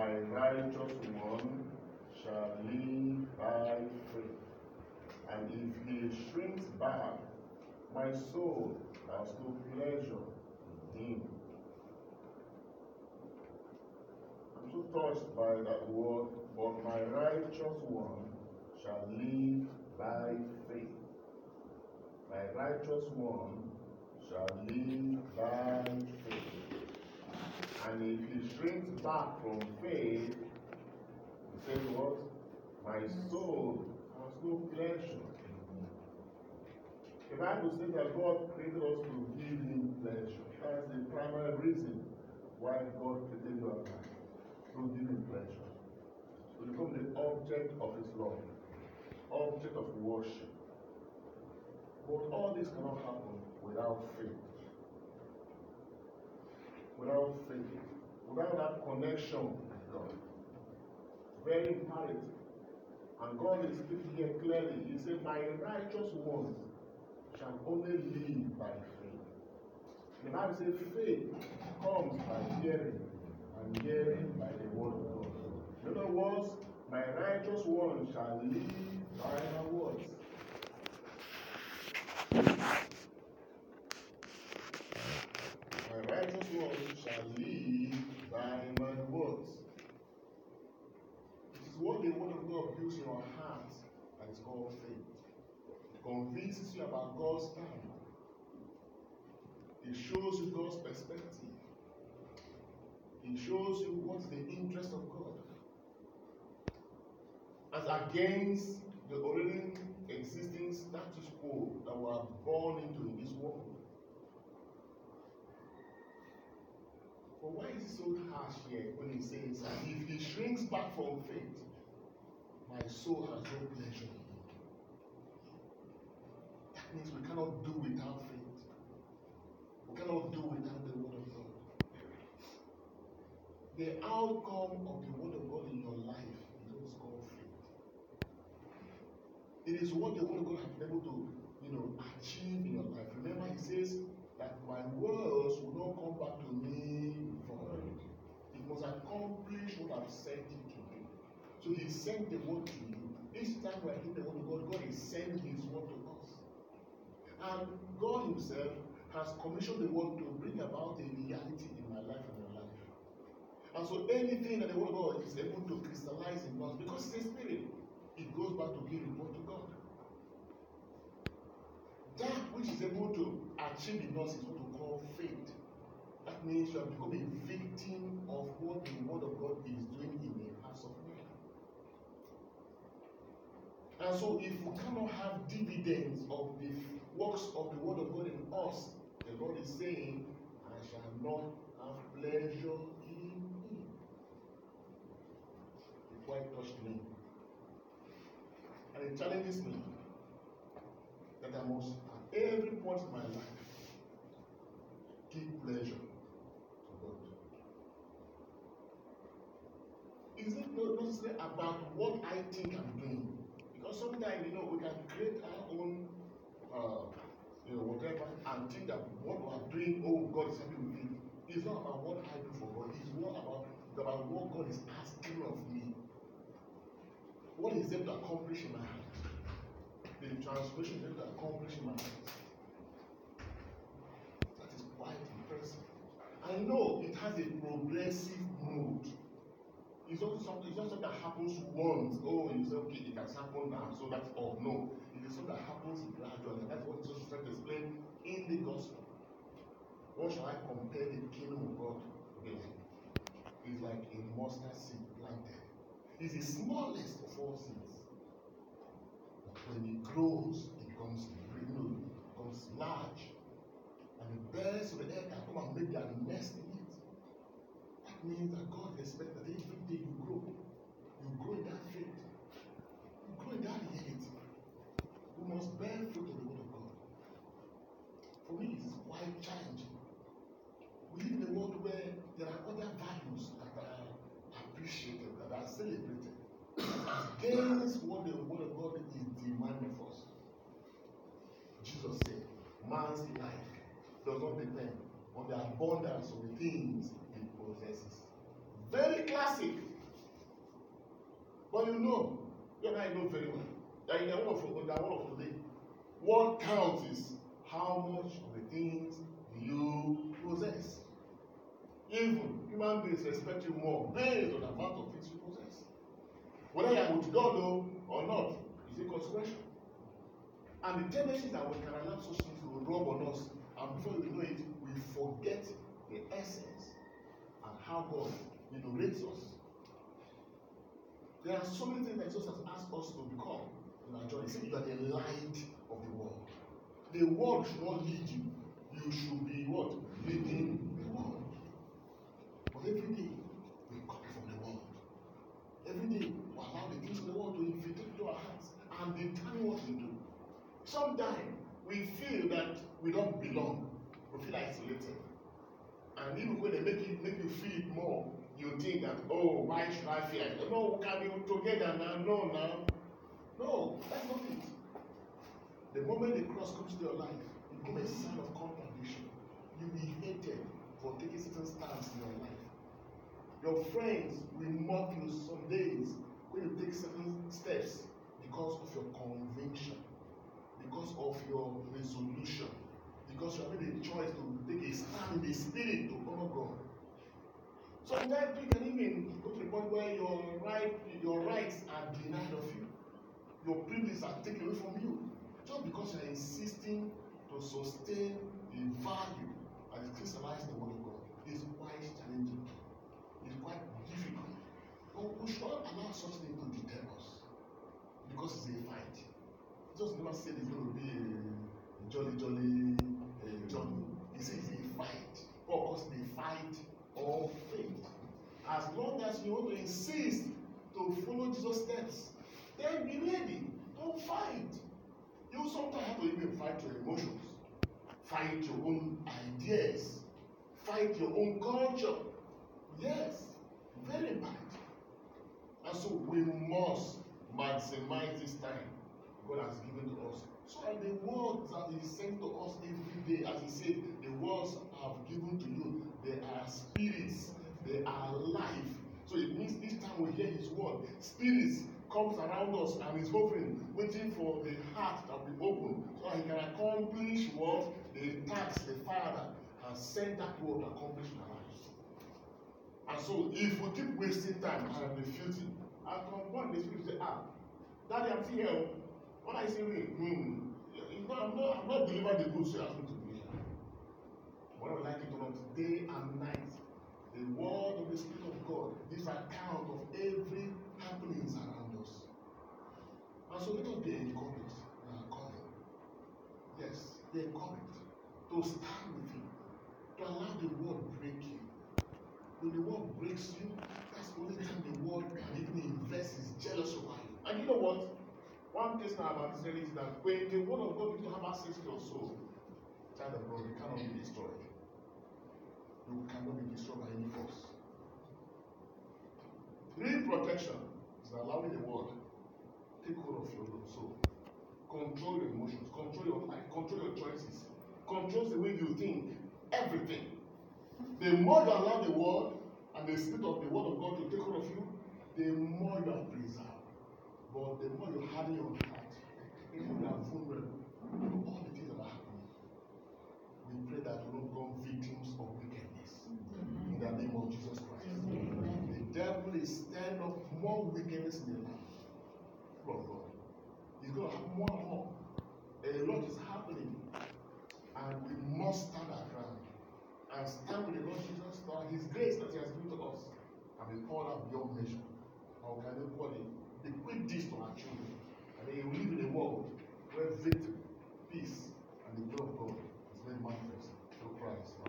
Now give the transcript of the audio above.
my righteous one shall live by faith. And if he shrinks back, my soul has no pleasure in him. I'm so touched by that word, but my righteous one shall live by faith. My righteous one shall live by faith. And if he shrinks back from faith, he says, What? My soul has no pleasure. The Bible says that God created us to give him pleasure. That's the primary reason why God created you and To give him pleasure. To become the object of his love, object of worship. But all this cannot happen without faith. without faith, without that connection with God. Very imperative. And God is speaking here clearly. He said, My righteous ones shall only live by faith. The Bible says, faith comes by hearing, and hearing by the word of God. In other words, my righteous ones shall live by my words. shall live by my words. It is what the word of God builds in our hearts and it's called faith. It convinces you about God's plan. It shows you God's perspective. It shows you what's the interest of God. As against the already existing status quo that we are born into in this world. But why is he so harsh here when he says that if he shrinks back from faith, my soul has no pleasure in him? That means we cannot do without faith. We cannot do without the Word of God. The outcome of the Word of God in your life is what's called faith. It is what the Word of God has been able to So he sent the word to you. Each time we are in the word of God, God is sending his word to us. And God himself has commissioned the word to bring about a reality in my life and your life. And so anything that the word of God is able to crystallize in us, because it's a spirit, it goes back to give report to God. That which is able to achieve in us is what we call faith. That means you have become a victim of what the word of God is doing in the hearts of men. And so, if we cannot have dividends of the works of the Word of God in us, the Lord is saying, I shall not have pleasure in me. The boy touched me. And it challenges me that I must, at every point in my life, give pleasure to God. Is it not necessarily about what I think Every you know, we can create our own, uh, you know, whatever, and think that what we are doing, oh, God is helping me. It's not about what I do for God. It's more about, about what God is asking of me. What is it to accomplish in my heart? The transformation is to accomplish in my heart. That is quite impressive. I know it has a progressive mode. It's not, some, something that happens once. Oh, it's okay, it can happen now, so that's all. No. It is something that happens gradually. That's what Jesus said. to explain in the gospel. What shall I compare the kingdom of God with? It's like a mustard seed planted. It's the smallest of all seeds. But when it grows, it becomes renewed, it becomes large. And the birds of the air can come and make their nest in means that God expects that every day you grow. You grow in that faith. You grow in that reality. You must bear fruit of the word of God. For me, it's quite challenging. We live in a world where there are other values that are appreciated, that are celebrated. Against what the word of God is demanding for us. Jesus said, man's life does not depend on the abundance of the things possesses. Very classic. But you know, you and I know very well that in the world of, in the world of today, what counts is how much of the things you possess. Even human beings respect you more based on the amount of things you possess. Whether you are with God though, or not is a consideration. And the tendency that we can allow such things to rub on us, and before we know it, we forget the essence how God liberates us. There are so many things that Jesus has asked us to become in our journey. See, you are the light of the world. The world should not lead you. You should be what? Leading the world. But every day, we copy from the world. Every day, we allow the things of the world to infiltrate into our hearts and determine what we do. Sometimes, we feel that we don't belong. We feel isolated. And even when they make it make you feel more, you think that, oh, why should I fear? Oh, no, we can be together now. No, now. No, that's not it. The moment the cross comes to your life, it becomes a sign of condemnation. You'll be hated for taking certain stance in your life. Your friends will mock you some days when you take certain steps because of your conviction, because of your resolution because you have made a choice to take a stand in the spirit to honor God. Sometimes you can even go to the point where your right your rights are denied of you. Your privileges are taken away from you just because you are insisting to sustain the value and crystallize the word of God. is quite challenging. It's quite difficult. But we should allow such things to deter us because it's a fight. Just never say it's going to be a jolly jolly John, he says a fight, or cause the fight of faith. As long as you want to insist to follow Jesus' steps, then be ready. Don't fight. You sometimes have to even fight your emotions, fight your own ideas, fight your own culture. Yes, very bad. And so we must maximize this time God has given to us So, the words that He sent to us every day, as He said, the words I have given to you, they are spirits, they are life. So it means this time we hear His word, spirits comes around us and is hovering, waiting for the heart that will be open, so He can accomplish what the task the Father has sent that word to accomplish in our lives. And so, if we keep wasting time and refusing, I can one the spirit say, Ah, Daddy, I'm still here. When I say rape, mean, I'm not, I'm not delivering the goods you asked me to deliver. here. Whether we like it or not, day and night, the word of the Spirit of God This account of every happenings around us. And so let us be encouraged in Come it. Yes, they come it. to stand with Him, to allow the word break you. When the word breaks you, that's the only time the word can even invest his jealous over you. And you know what? One thing now about Israel is that when the word of God begins to have access to your soul, child of God, you cannot be destroyed. You cannot be destroyed by any force. Real protection is allowing the word take hold of your soul. Control your emotions, control your mind, control your choices, controls the way you think, everything. The more you allow the word and the spirit of the word of God to take hold of you, the more you are preserved. But the more you harden your heart, even your funeral, all the things that are happening, we pray that you don't become victims of wickedness. In the name of Jesus Christ. The devil is stirring up more wickedness in the land. From God. he's going to happen more and more. A lot is happening. And we must stand our ground and stand with the Lord Jesus for His grace that He has given to us and be called out beyond measure. How can you call it? the good deeds to our children, and they will live in a world where victory, peace, and the glory of God is made manifest through Christ.